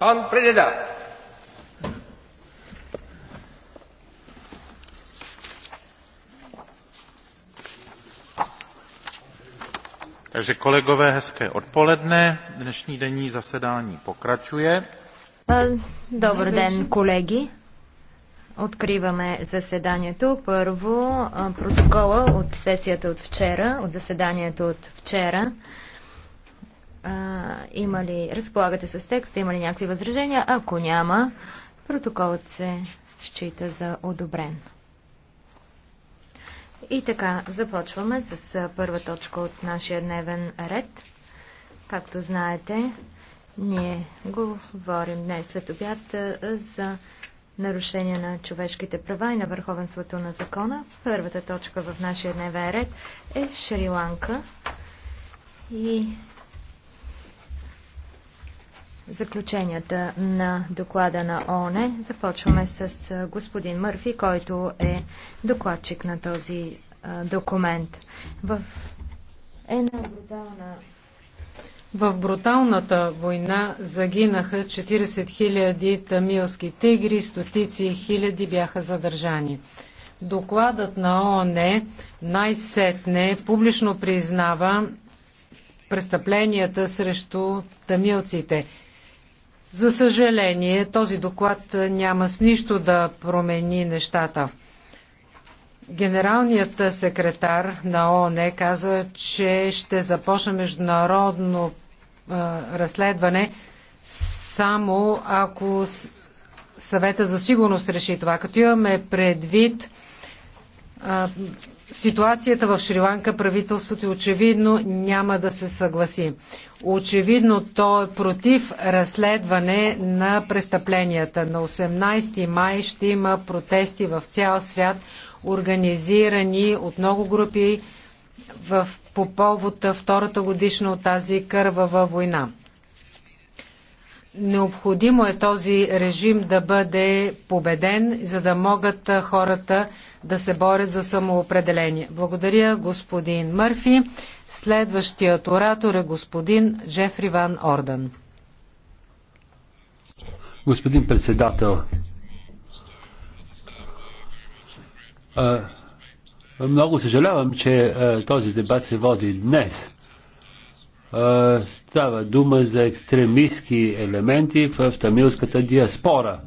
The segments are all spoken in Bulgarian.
Pan Preda. Takže kolegové, hezké odpoledne. Dnešní denní zasedání pokračuje. Добър ден, колеги. Откриваме заседанието. Първо протокола от сесията от вчера, от заседанието от вчера. Има ли, разполагате с текста, има ли някакви възражения? Ако няма, протоколът се счита за одобрен. И така, започваме с първа точка от нашия дневен ред. Както знаете, ние говорим днес след обяд за нарушение на човешките права и на върховенството на закона. Първата точка в нашия дневен ред е Шри-Ланка и заключенията на доклада на ООН. Започваме с господин Мърфи, който е докладчик на този документ. В една брутална в бруталната война загинаха 40 000 тамилски тигри, стотици хиляди бяха задържани. Докладът на ООН е най-сетне публично признава престъпленията срещу тамилците. За съжаление, този доклад няма с нищо да промени нещата. Генералният секретар на ООН каза, че ще започне международно а, разследване само ако съвета за сигурност реши това. Като имаме предвид а, ситуацията в Шри-Ланка правителството очевидно няма да се съгласи. Очевидно то е против разследване на престъпленията. На 18 май ще има протести в цял свят, организирани от много групи в, по повод втората годишна от тази кървава война. Необходимо е този режим да бъде победен, за да могат хората да се борят за самоопределение. Благодаря, господин Мърфи. Следващият оратор е господин Джефри Ван Ордан. Господин председател, много съжалявам, че този дебат се води днес. Става дума за екстремистски елементи в тамилската диаспора.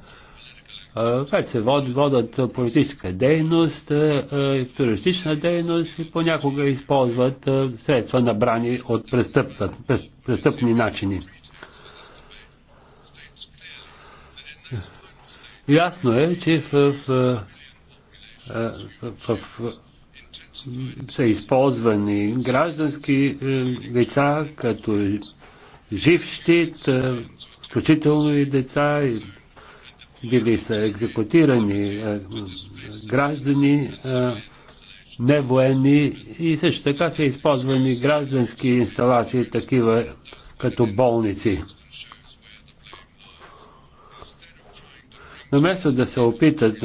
Така се води, водат политическа дейност, туристична дейност и понякога използват средства набрани от престъпни начини. Ясно е, че в, в, в, в, са използвани граждански лица като жив щит, включително и деца и били са екзекутирани е, граждани, е, не военни и също така са използвани граждански инсталации, такива като болници. Наместо да се опитат,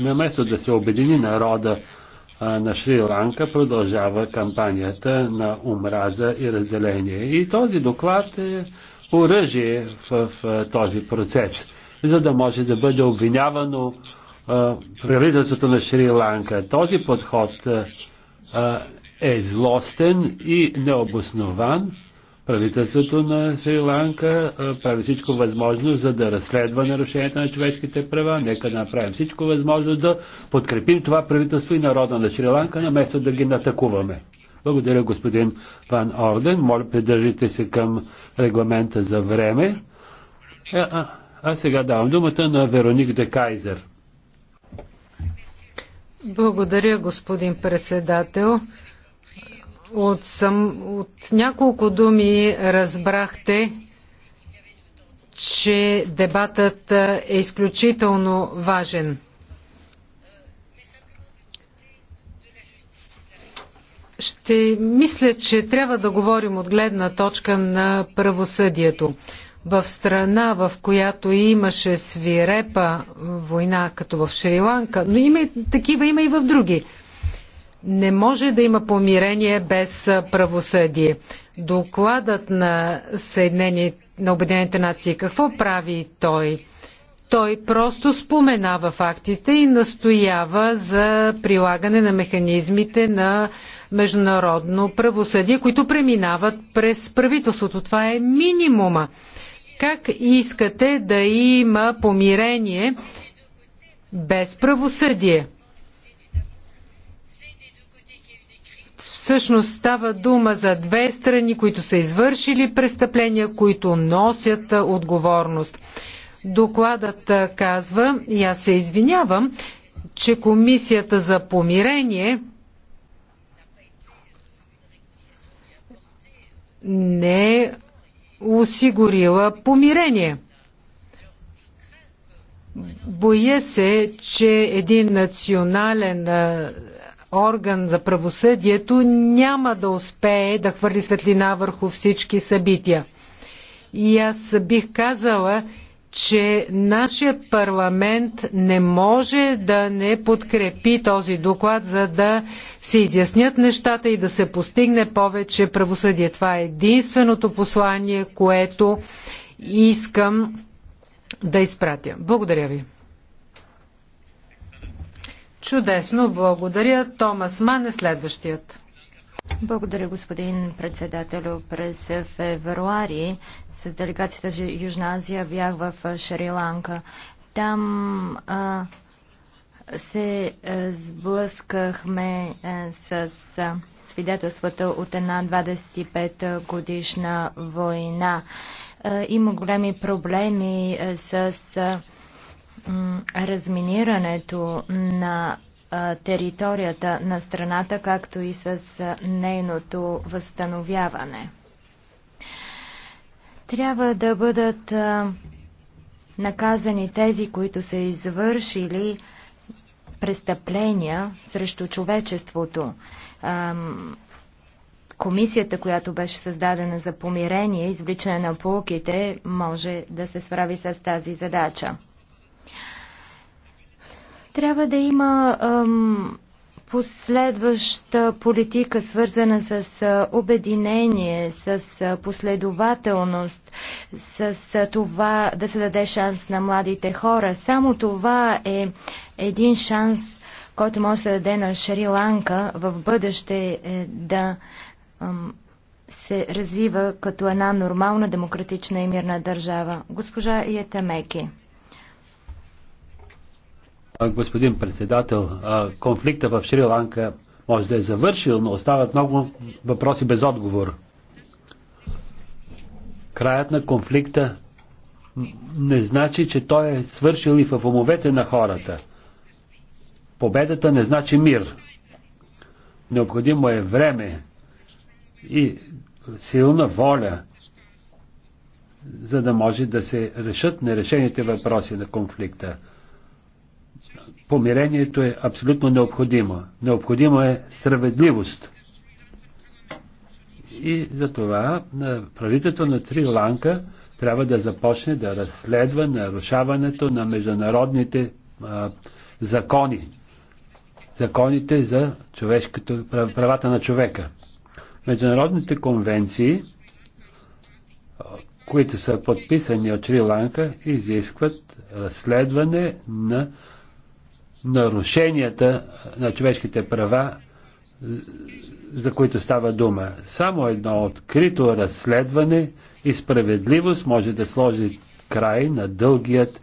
наместо да се обедини народа е, на Шри-Ланка, продължава кампанията на омраза и разделение. И този доклад е оръжие в, в този процес за да може да бъде обвинявано правителството на Шри-Ланка. Този подход е злостен и необоснован. Правителството на Шри-Ланка прави всичко възможно, за да разследва нарушенията на човешките права. Нека направим всичко възможно да подкрепим това правителство и народа на Шри-Ланка, наместо да ги натакуваме. Благодаря, господин Ван Орден. Моля, придържите се към регламента за време. Е, а сега давам думата на Вероник де Кайзер. Благодаря, господин председател. От, съм, от няколко думи разбрахте, че дебатът е изключително важен. Ще мисля, че трябва да говорим от гледна точка на правосъдието в страна, в която имаше свирепа война, като в Шри-Ланка, но има и, такива има и в други. Не може да има помирение без правосъдие. Докладът на Съединените на Обединените нации, какво прави той? Той просто споменава фактите и настоява за прилагане на механизмите на международно правосъдие, които преминават през правителството. Това е минимума. Как искате да има помирение без правосъдие? Всъщност става дума за две страни, които са извършили престъпления, които носят отговорност. Докладът казва, и аз се извинявам, че Комисията за помирение не е осигурила помирение. Боя се, че един национален орган за правосъдието няма да успее да хвърли светлина върху всички събития. И аз бих казала, че нашият парламент не може да не подкрепи този доклад, за да се изяснят нещата и да се постигне повече правосъдие. Това е единственото послание, което искам да изпратя. Благодаря ви. Чудесно, благодаря. Томас Ман е следващият. Благодаря, господин председател. През февруари с делегацията за Южна Азия бях в Шри-Ланка. Там а, се а, сблъскахме а, с а, свидетелствата от една 25 годишна война. А, има големи проблеми а, с а, разминирането на територията на страната, както и с нейното възстановяване. Трябва да бъдат наказани тези, които са извършили престъпления срещу човечеството. Комисията, която беше създадена за помирение, извличане на полуките, може да се справи с тази задача. Трябва да има ам, последваща политика, свързана с обединение, с последователност, с това да се даде шанс на младите хора. Само това е един шанс, който може да се даде на Шри-Ланка в бъдеще е да се развива като една нормална, демократична и мирна държава. Госпожа Йетамеки господин председател, конфликта в Шри-Ланка може да е завършил, но остават много въпроси без отговор. Краят на конфликта не значи, че той е свършил и в умовете на хората. Победата не значи мир. Необходимо е време и силна воля, за да може да се решат нерешените въпроси на конфликта помирението е абсолютно необходимо. Необходимо е справедливост. И затова правителството на Три Ланка трябва да започне да разследва нарушаването на международните а, закони. Законите за човешкото, правата на човека. Международните конвенции, които са подписани от Шри-Ланка, изискват разследване на нарушенията на човешките права, за които става дума. Само едно открито разследване и справедливост може да сложи край на дългият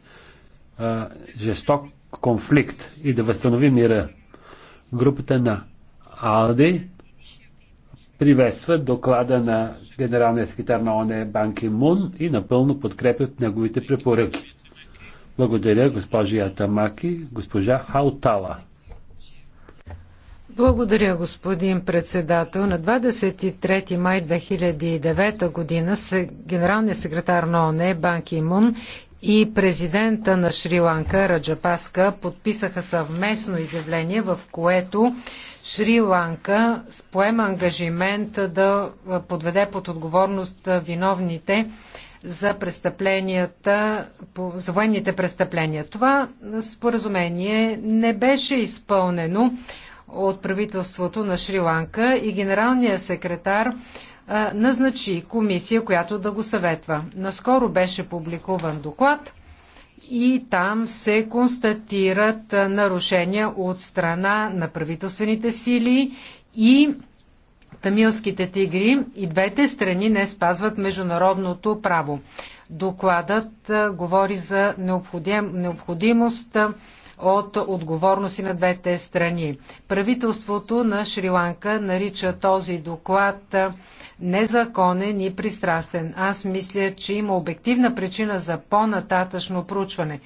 а, жесток конфликт и да възстанови мира. Групата на Алди приветства доклада на генералния секретар на ОНЕ Банки Мун и напълно подкрепят неговите препоръки. Благодаря, госпожи Атамаки. Госпожа Хаутала. Благодаря, господин председател. На 23 май 2009 година генералният секретар на ОНЕ Бан Мун и президента на Шри-Ланка Раджапаска подписаха съвместно изявление, в което Шри-Ланка поема ангажимент да подведе под отговорност виновните за престъпленията, за военните престъпления. Това споразумение не беше изпълнено от правителството на Шри-Ланка и генералният секретар назначи комисия, която да го съветва. Наскоро беше публикуван доклад и там се констатират нарушения от страна на правителствените сили и тамилските тигри и двете страни не спазват международното право. Докладът говори за необходим, необходимост от отговорности на двете страни. Правителството на Шри-Ланка нарича този доклад незаконен и пристрастен. Аз мисля, че има обективна причина за по-нататъчно проучване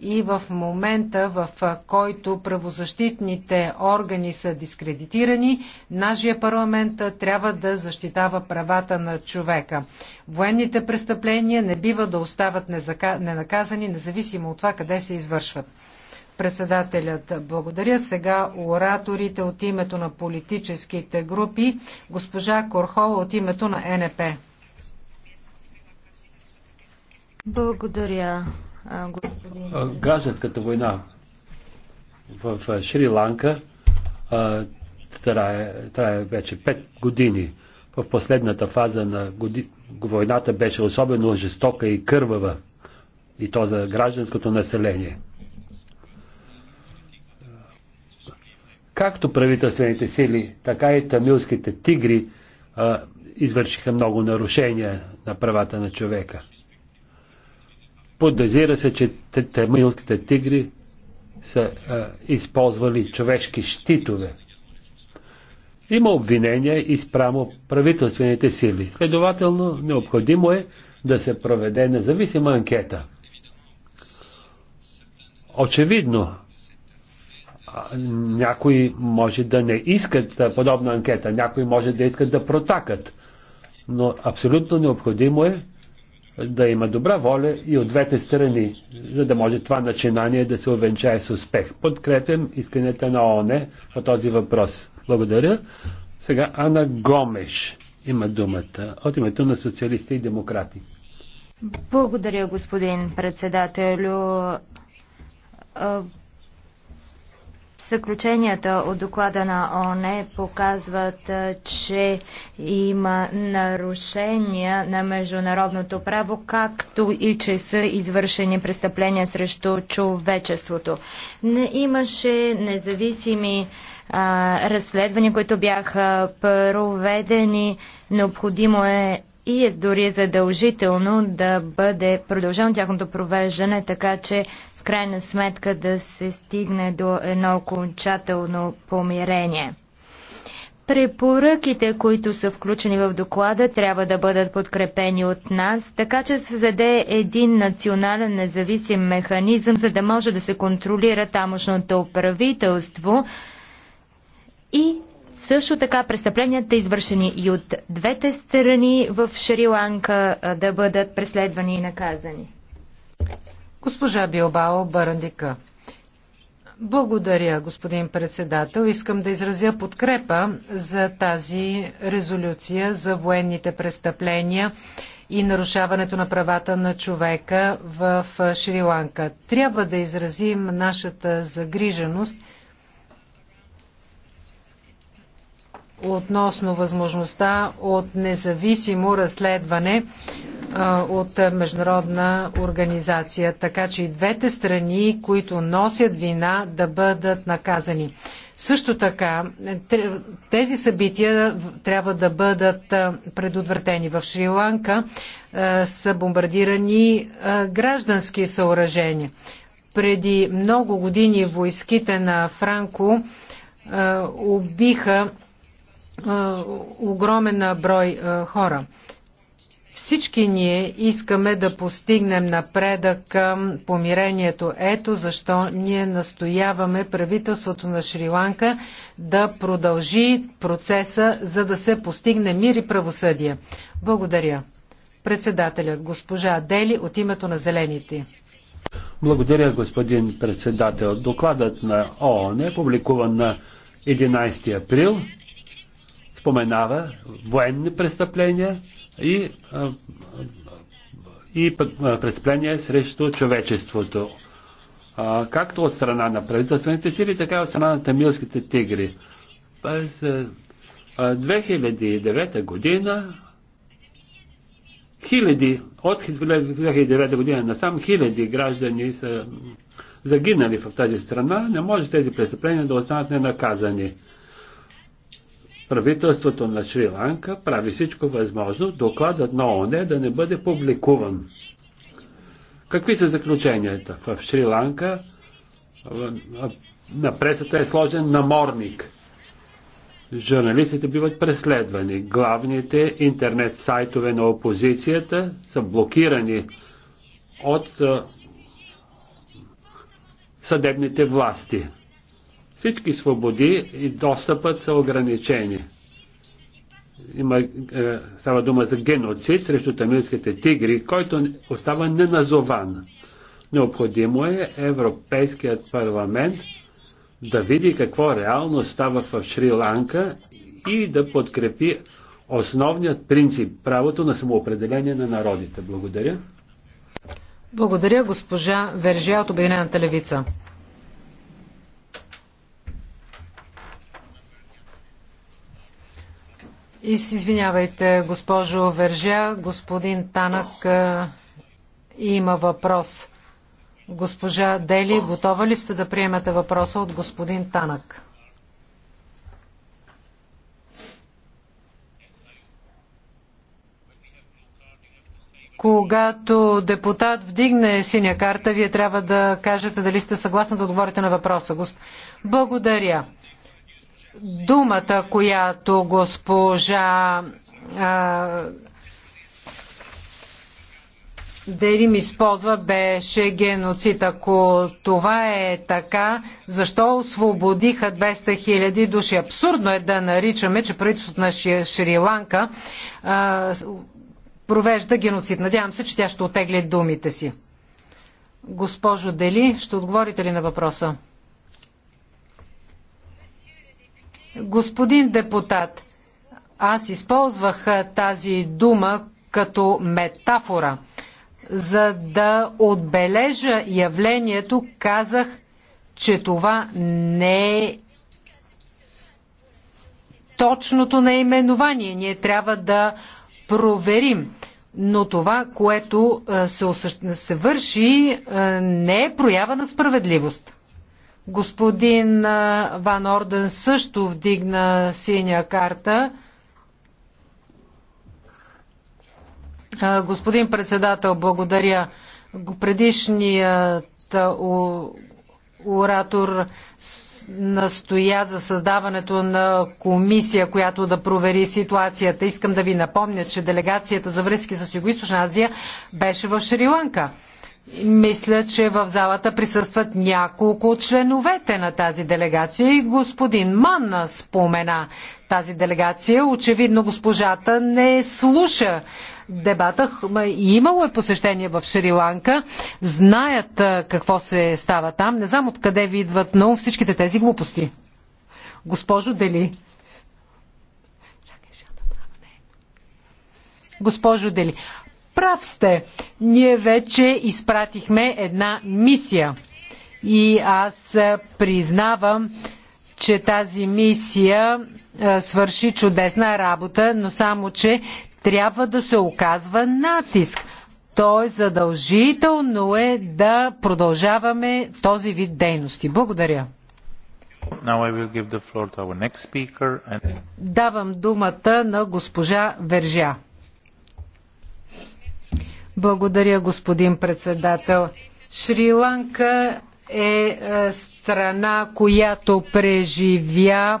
и в момента, в който правозащитните органи са дискредитирани, нашия парламент трябва да защитава правата на човека. Военните престъпления не бива да остават ненаказани, независимо от това къде се извършват. Председателят, благодаря. Сега ораторите от името на политическите групи. Госпожа Корхол от името на НП. Благодаря, господин. Гражданската война в Шри-Ланка трае, трае вече 5 години. В последната фаза на годи... войната беше особено жестока и кървава, и то за гражданското население. Както правителствените сили, така и тамилските тигри а, извършиха много нарушения на правата на човека. Подозира се, че тамилските тигри са а, използвали човешки щитове. Има обвинения и спрямо правителствените сили. Следователно, необходимо е да се проведе независима анкета. Очевидно, някои може да не искат подобна анкета, някои може да искат да протакат, но абсолютно необходимо е да има добра воля и от двете страни, за да може това начинание да се увенчае с успех. Подкрепям исканията на ОНЕ по този въпрос. Благодаря. Сега Ана Гомеш има думата от името на социалисти и демократи. Благодаря, господин председателю. Съключенията от доклада на ОНЕ показват, че има нарушения на международното право, както и че са извършени престъпления срещу човечеството. Не имаше независими а, разследвания, които бяха проведени. Необходимо е и е дори задължително да бъде продължено тяхното провеждане, така че в крайна сметка да се стигне до едно окончателно помирение. Препоръките, които са включени в доклада, трябва да бъдат подкрепени от нас, така че се заде един национален независим механизъм, за да може да се контролира тамошното правителство и също така престъпленията, извършени и от двете страни в Шри-Ланка, да бъдат преследвани и наказани. Госпожа Билбао Барандика. Благодаря, господин председател. Искам да изразя подкрепа за тази резолюция за военните престъпления и нарушаването на правата на човека в Шри-Ланка. Трябва да изразим нашата загриженост относно възможността от независимо разследване от международна организация, така че и двете страни, които носят вина, да бъдат наказани. Също така, тези събития трябва да бъдат предотвратени. В Шри-Ланка са бомбардирани граждански съоръжения. Преди много години войските на Франко убиха огромен брой хора. Всички ние искаме да постигнем напредък към помирението. Ето защо ние настояваме правителството на Шри-Ланка да продължи процеса, за да се постигне мир и правосъдие. Благодаря. Председателят госпожа Дели от името на Зелените. Благодаря, господин председател. Докладът на ООН е публикуван на 11 април. Споменава военни престъпления, и, и престъпление срещу човечеството. Както от страна на правителствените сили, така и от страна на тамилските тигри. През 2009 година хиляди, от 2009 година насам хиляди граждани са загинали в тази страна. Не може тези престъпления да останат ненаказани правителството на Шри-Ланка прави всичко възможно докладът на ОНЕ да не бъде публикуван. Какви са заключенията? В Шри-Ланка на пресата е сложен наморник. Журналистите биват преследвани. Главните интернет сайтове на опозицията са блокирани от е, съдебните власти. Всички свободи и достъпът са ограничени. Има, е, става дума за геноцид срещу тамилските тигри, който остава неназован. Необходимо е Европейският парламент да види какво реално става в Шри-Ланка и да подкрепи основният принцип правото на самоопределение на народите. Благодаря. Благодаря, госпожа Вержия от Обединената левица. Извинявайте, госпожо Вержа, господин Танък има въпрос. Госпожа Дели, готова ли сте да приемете въпроса от господин Танък? Когато депутат вдигне синя карта, вие трябва да кажете дали сте съгласни да отговорите на въпроса. Благодаря думата, която госпожа Дерим използва, беше геноцид. Ако това е така, защо освободиха 200 000 души? Абсурдно е да наричаме, че правителството на Шри-Ланка провежда геноцид. Надявам се, че тя ще отегли думите си. Госпожо Дели, ще отговорите ли на въпроса? Господин депутат, аз използвах тази дума като метафора. За да отбележа явлението, казах, че това не е точното наименование. Ние трябва да проверим. Но това, което се, се върши, не е проява на справедливост. Господин Ван Орден също вдигна синя карта. Господин председател, благодаря. Предишният оратор настоя за създаването на комисия, която да провери ситуацията. Искам да ви напомня, че делегацията за връзки с Юго-Источна Азия беше в Шри-Ланка. Мисля, че в залата присъстват няколко от членовете на тази делегация и господин Ман спомена тази делегация. Очевидно госпожата не слуша дебата. Имало е посещение в Шри-Ланка. Знаят какво се става там. Не знам откъде ви идват на всичките тези глупости. Госпожо Дели. Госпожо Дели прав сте. Ние вече изпратихме една мисия. И аз признавам, че тази мисия свърши чудесна работа, но само, че трябва да се оказва натиск. Той задължително е да продължаваме този вид дейности. Благодаря. And... Давам думата на госпожа Вержа. Благодаря, господин председател. Шри-Ланка е, е страна, която преживя е,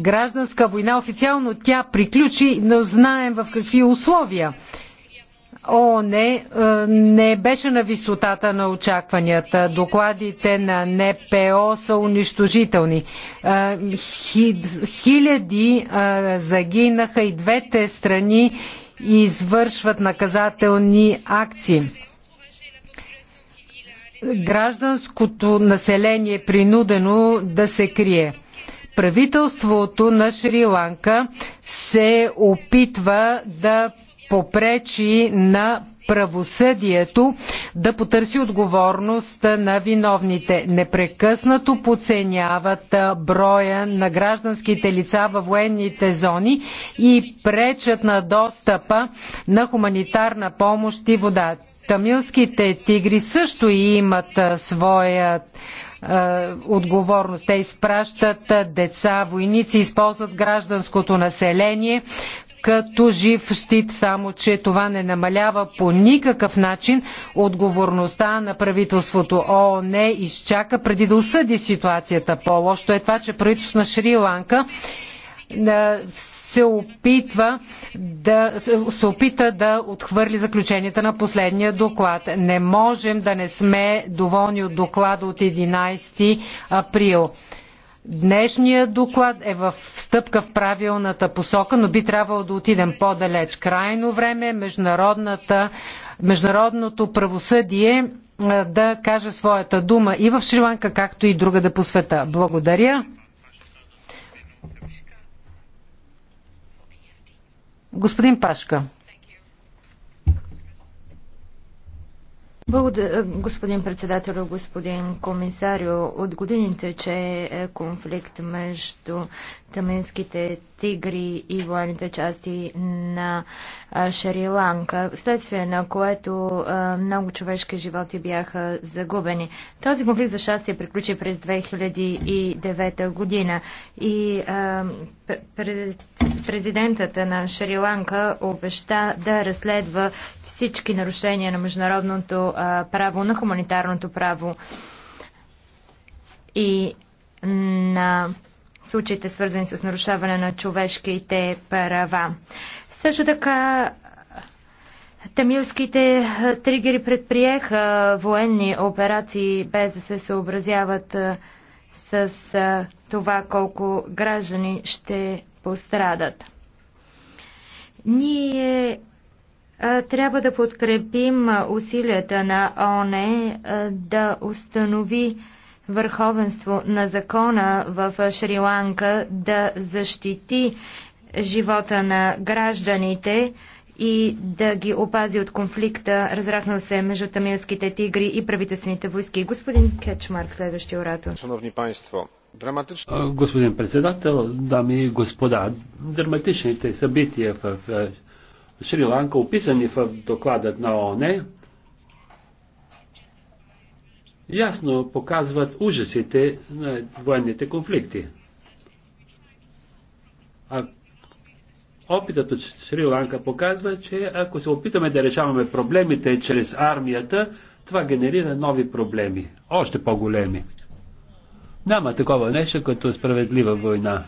гражданска война. Официално тя приключи, но знаем в какви условия. ООН не, е, не беше на висотата на очакванията. Докладите на НПО са унищожителни. Хиляди загинаха и двете страни и извършват наказателни акции. Гражданското население е принудено да се крие правителството на Шри-Ланка се опитва да попречи на правосъдието да потърси отговорност на виновните. Непрекъснато подценяват броя на гражданските лица във военните зони и пречат на достъпа на хуманитарна помощ и вода. Тамилските тигри също имат своя отговорност. Те изпращат деца, войници, използват гражданското население като жив щит, само че това не намалява по никакъв начин отговорността на правителството. О, не, изчака преди да осъди ситуацията. По-лошо е това, че правителството на Шри-Ланка се опитва да се опита да отхвърли заключенията на последния доклад. Не можем да не сме доволни от доклада от 11 април. Днешния доклад е в стъпка в правилната посока, но би трябвало да отидем по-далеч. Крайно време е международната, международното правосъдие е, да каже своята дума и в Шри-Ланка, както и друга да по света. Благодаря. Господин Пашка. Благодаря, е, господин председател, господин комисарио. От годините, че е конфликт между таминските тигри и военните части на Шри-Ланка, следствие на което много човешки животи бяха загубени. Този конфликт за щастие приключи през 2009 година и президентът на Шри-Ланка обеща да разследва всички нарушения на международното право, на хуманитарното право и на случаите свързани с нарушаване на човешките права. Също така Тамилските тригери предприеха военни операции без да се съобразяват с това колко граждани ще пострадат. Ние трябва да подкрепим усилията на ОНЕ да установи върховенство на закона в Шри-Ланка да защити живота на гражданите и да ги опази от конфликта, разраснал се между тамилските тигри и правителствените войски. Господин Кечмарк, следващия оратор. Шановни панство, драматично... Господин председател, дами и господа, драматичните събития в Шри-Ланка, описани в докладът на ОНЕ, ясно показват ужасите на военните конфликти. А опитът от Шри-Ланка показва, че ако се опитаме да решаваме проблемите чрез армията, това генерира нови проблеми, още по-големи. Няма такова нещо като справедлива война.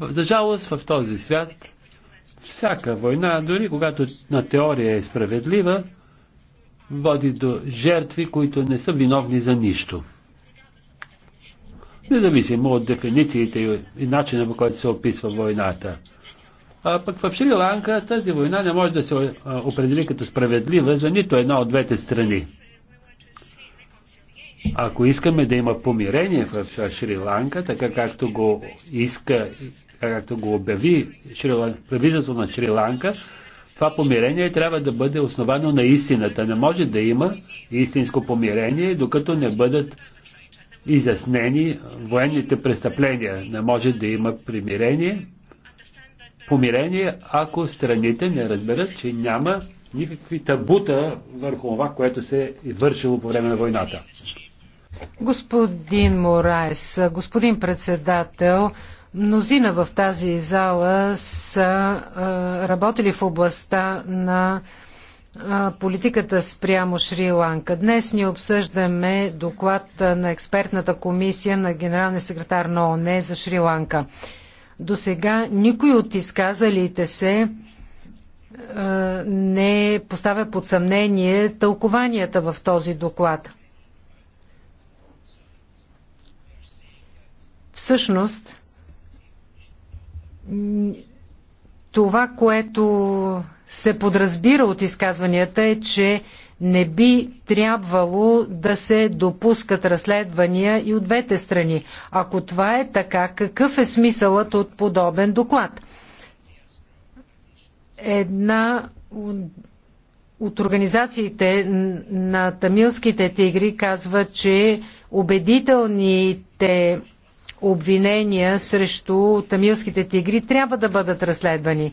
За жалост в този свят, всяка война, дори когато на теория е справедлива, води до жертви, които не са виновни за нищо. Независимо от дефинициите и начина по който се описва войната. А пък в Шри-Ланка тази война не може да се определи като справедлива за нито една от двете страни. Ако искаме да има помирение в Шри-Ланка, така както го иска, както го обяви правителството на Шри-Ланка, това помирение трябва да бъде основано на истината. Не може да има истинско помирение, докато не бъдат изяснени военните престъпления. Не може да има примирение, помирение, ако страните не разберат, че няма никакви табута върху това, което се е вършило по време на войната. Господин Мораес, господин председател, Мнозина в тази зала са работили в областта на политиката спрямо Шри-Ланка. Днес ни обсъждаме доклад на експертната комисия на генералния секретар на ОНЕ за Шри-Ланка. До сега никой от изказалите се не поставя под съмнение тълкованията в този доклад. Всъщност, това, което се подразбира от изказванията е, че не би трябвало да се допускат разследвания и от двете страни. Ако това е така, какъв е смисълът от подобен доклад? Една от организациите на тамилските тигри казва, че убедителните обвинения срещу тамилските тигри трябва да бъдат разследвани.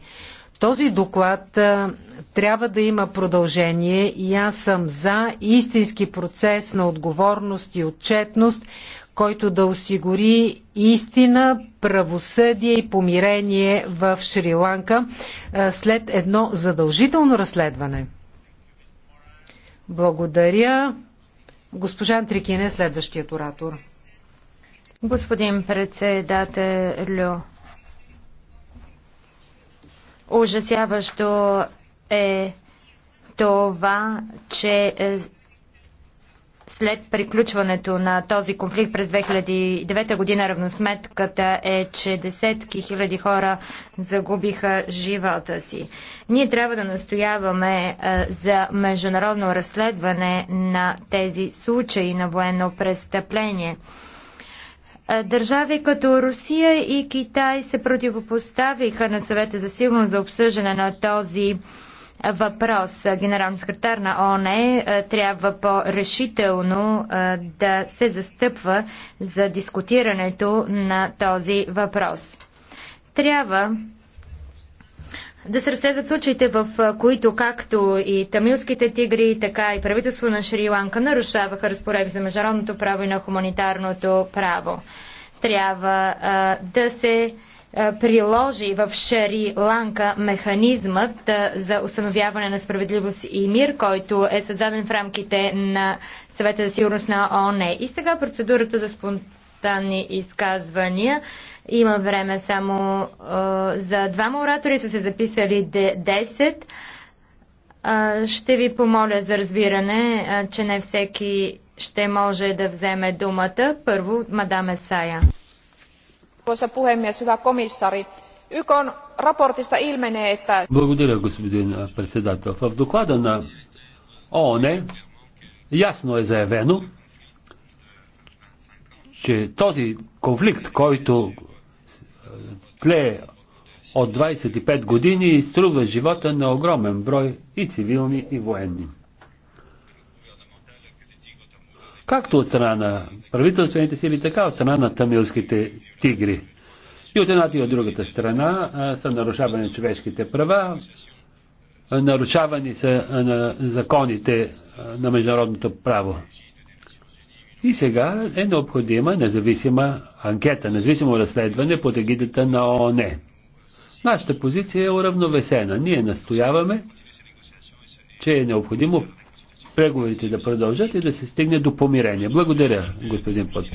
Този доклад а, трябва да има продължение и аз съм за истински процес на отговорност и отчетност, който да осигури истина, правосъдие и помирение в Шри-Ланка след едно задължително разследване. Благодаря. Госпожа Антрикин е следващият оратор. Господин председателю, ужасяващо е това, че е, след приключването на този конфликт през 2009 година равносметката е, че десетки хиляди хора загубиха живота си. Ние трябва да настояваме е, за международно разследване на тези случаи на военно престъпление. Е, държави като Русия и Китай се противопоставиха на съвета за сигурност за обсъждане на този въпрос. Генерален секретар на ООН е, трябва по-решително е, да се застъпва за дискутирането на този въпрос. Трябва да се разследват случаите, в които както и тамилските тигри, така и правителство на Шри-Ланка нарушаваха разпоредби за международното право и на хуманитарното право. Трябва а, да се приложи в Шри-Ланка механизмът за установяване на справедливост и мир, който е създаден в рамките на съвета за сигурност на ООН. И сега процедурата за спонтанност спонтанни изказвания. Има време само а, за двама оратори, са се записали 10. А, ще ви помоля за разбиране, а, че не всеки ще може да вземе думата. Първо, мадам Есая. Благодаря, господин председател. В доклада на ООН ясно е заявено, че този конфликт, който е, тлее от 25 години, изтрува живота на огромен брой и цивилни, и военни. Както от страна на правителствените сили, така от страна на тамилските тигри. И от едната и от другата страна са нарушавани човешките права, нарушавани са на законите на международното право. И сега е необходима независима анкета, независимо разследване под егидата на ООН. Нашата позиция е уравновесена. Ние настояваме, че е необходимо преговорите да продължат и да се стигне до помирение. Благодаря, господин Път.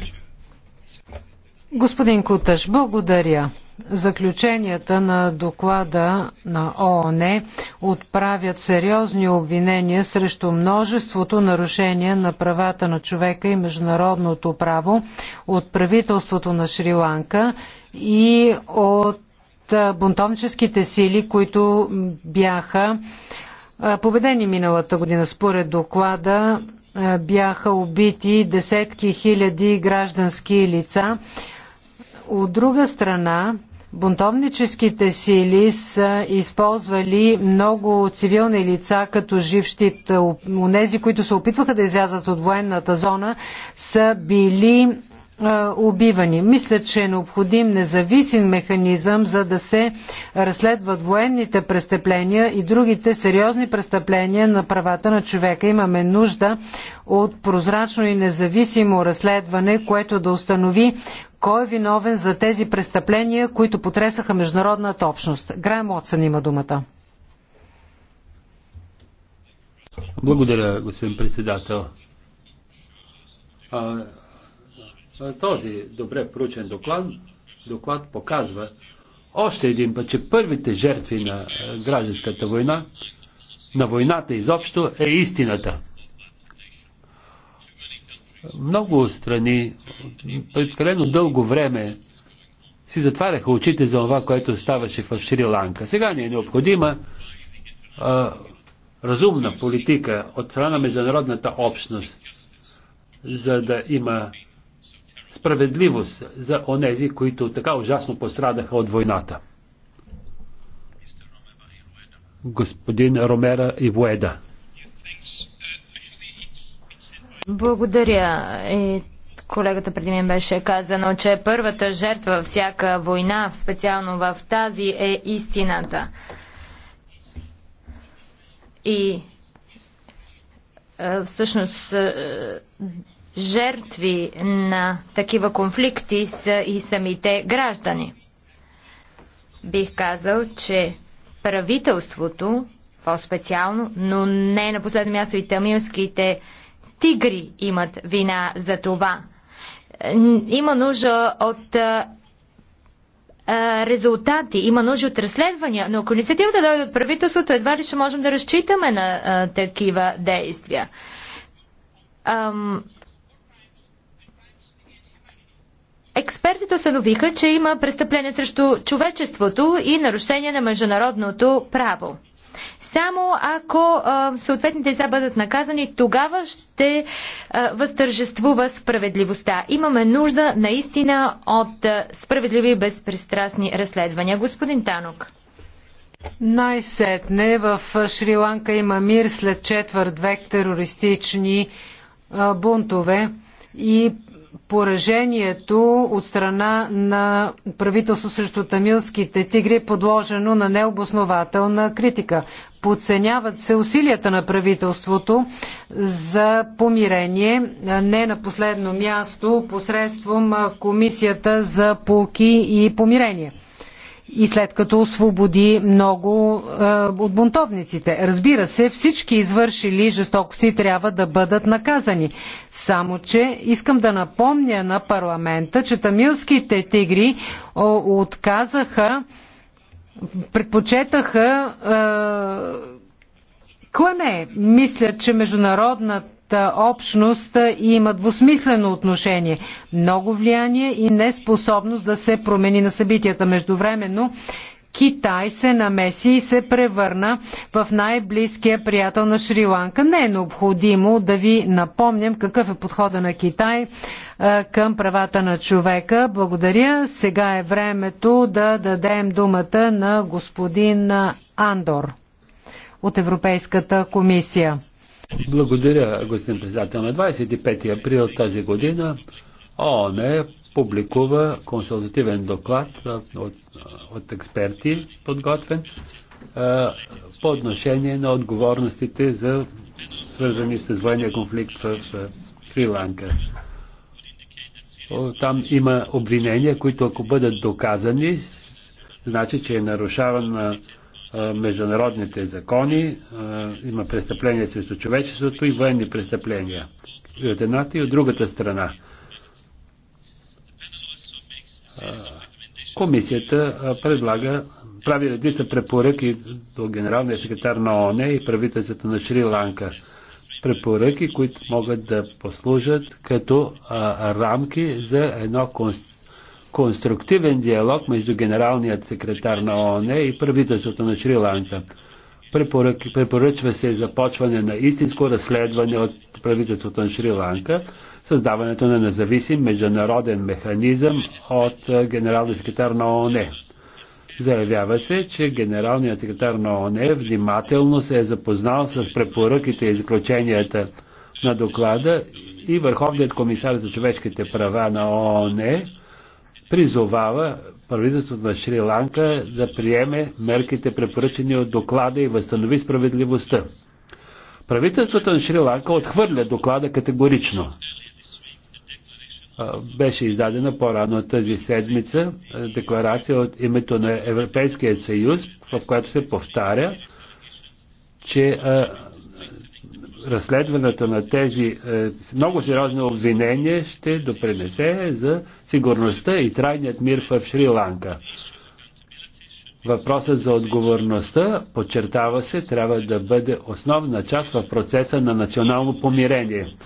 Господин Куташ, благодаря. Заключенията на доклада на ООН отправят сериозни обвинения срещу множеството нарушения на правата на човека и международното право от правителството на Шри-Ланка и от бунтовническите сили, които бяха победени миналата година. Според доклада бяха убити десетки хиляди граждански лица от друга страна, бунтовническите сили са използвали много цивилни лица като жив щит. Онези, които се опитваха да излязат от военната зона, са били убивани. Мисля, че е необходим независим механизъм, за да се разследват военните престъпления и другите сериозни престъпления на правата на човека. Имаме нужда от прозрачно и независимо разследване, което да установи кой е виновен за тези престъпления, които потресаха международната общност. Грайм Отсън има думата. Благодаря, господин председател. Е, този добре проучен доклад, доклад показва още един път, че първите жертви на е, гражданската война, на войната изобщо, е истината. Много страни предкалено дълго време си затваряха очите за това, което ставаше в Шри-Ланка. Сега ни е необходима а, разумна политика от страна на международната общност, за да има справедливост за онези, които така ужасно пострадаха от войната. Господин Ромера и Воеда. Благодаря. И колегата преди мен беше казано, че първата жертва всяка война, специално в тази, е истината. И е, всъщност е, жертви на такива конфликти са и самите граждани. Бих казал, че правителството, по-специално, но не на последно място и тамилските тигри имат вина за това. Има нужда от резултати, има нужда от разследвания, но ако инициативата дойде от правителството, едва ли ще можем да разчитаме на а, такива действия. Ам, Експертите установиха, че има престъпление срещу човечеството и нарушение на международното право. Само ако а, съответните лица бъдат наказани, тогава ще а, възтържествува справедливостта. Имаме нужда наистина от а, справедливи и безпристрастни разследвания. Господин Танок. Най-сетне в Шри-Ланка има мир след четвърт век терористични а, бунтове и поражението от страна на правителство срещу тамилските тигри е подложено на необоснователна критика. Подценяват се усилията на правителството за помирение, не на последно място посредством Комисията за полки и помирение и след като освободи много е, от бунтовниците. Разбира се, всички извършили жестокости трябва да бъдат наказани. Само, че искам да напомня на парламента, че тамилските тигри о, отказаха, предпочетаха е, клане. Мисля, че международната общност и има двусмислено отношение, много влияние и неспособност да се промени на събитията. Междувременно Китай се намеси и се превърна в най-близкия приятел на Шри-Ланка. Не е необходимо да ви напомням какъв е подхода на Китай към правата на човека. Благодаря. Сега е времето да дадем думата на господин Андор от Европейската комисия. Благодаря, господин председател. На 25 април тази година ООН е публикува консултативен доклад от, от експерти, подготвен по отношение на отговорностите за свързани с военния конфликт в Шри-Ланка. Там има обвинения, които ако бъдат доказани, значи, че е нарушавана международните закони, има престъпления срещу човечеството и военни престъпления. И от едната и от другата страна. Комисията предлага, прави редица препоръки до генералния секретар на ООН и правителството на Шри-Ланка. Препоръки, които могат да послужат като рамки за едно конституционно конструктивен диалог между генералният секретар на ООН и правителството на Шри-Ланка. Препоръчва се започване на истинско разследване от правителството на Шри-Ланка, създаването на независим международен механизъм от генералния секретар на ООН. Заявява се, че генералният секретар на ООН внимателно се е запознал с препоръките и заключенията на доклада и Върховният комисар за човешките права на ООН призовава правителството на Шри-Ланка да приеме мерките препоръчени от доклада и възстанови справедливостта. Правителството на Шри-Ланка отхвърля доклада категорично. Беше издадена по-рано тази седмица декларация от името на Европейския съюз, в която се повтаря, че разследването на тези е, много сериозни обвинения ще допренесе за сигурността и трайният мир в Шри-Ланка. Въпросът за отговорността, подчертава се, трябва да бъде основна част в процеса на национално помирение.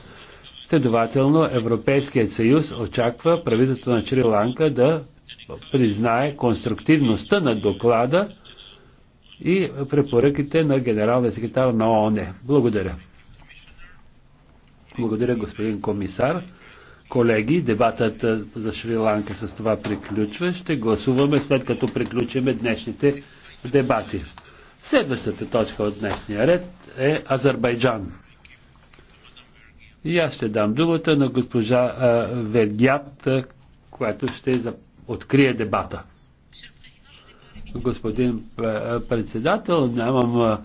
Следователно, Европейският съюз очаква правителството на Шри-Ланка да признае конструктивността на доклада и препоръките на генералния секретар на ООН. Благодаря. Благодаря, господин комисар. Колеги, дебатът за Шри-Ланка с това приключва. Ще гласуваме след като приключиме днешните дебати. Следващата точка от днешния ред е Азербайджан. И аз ще дам думата на госпожа Вергят, която ще открие дебата. Господин председател, нямам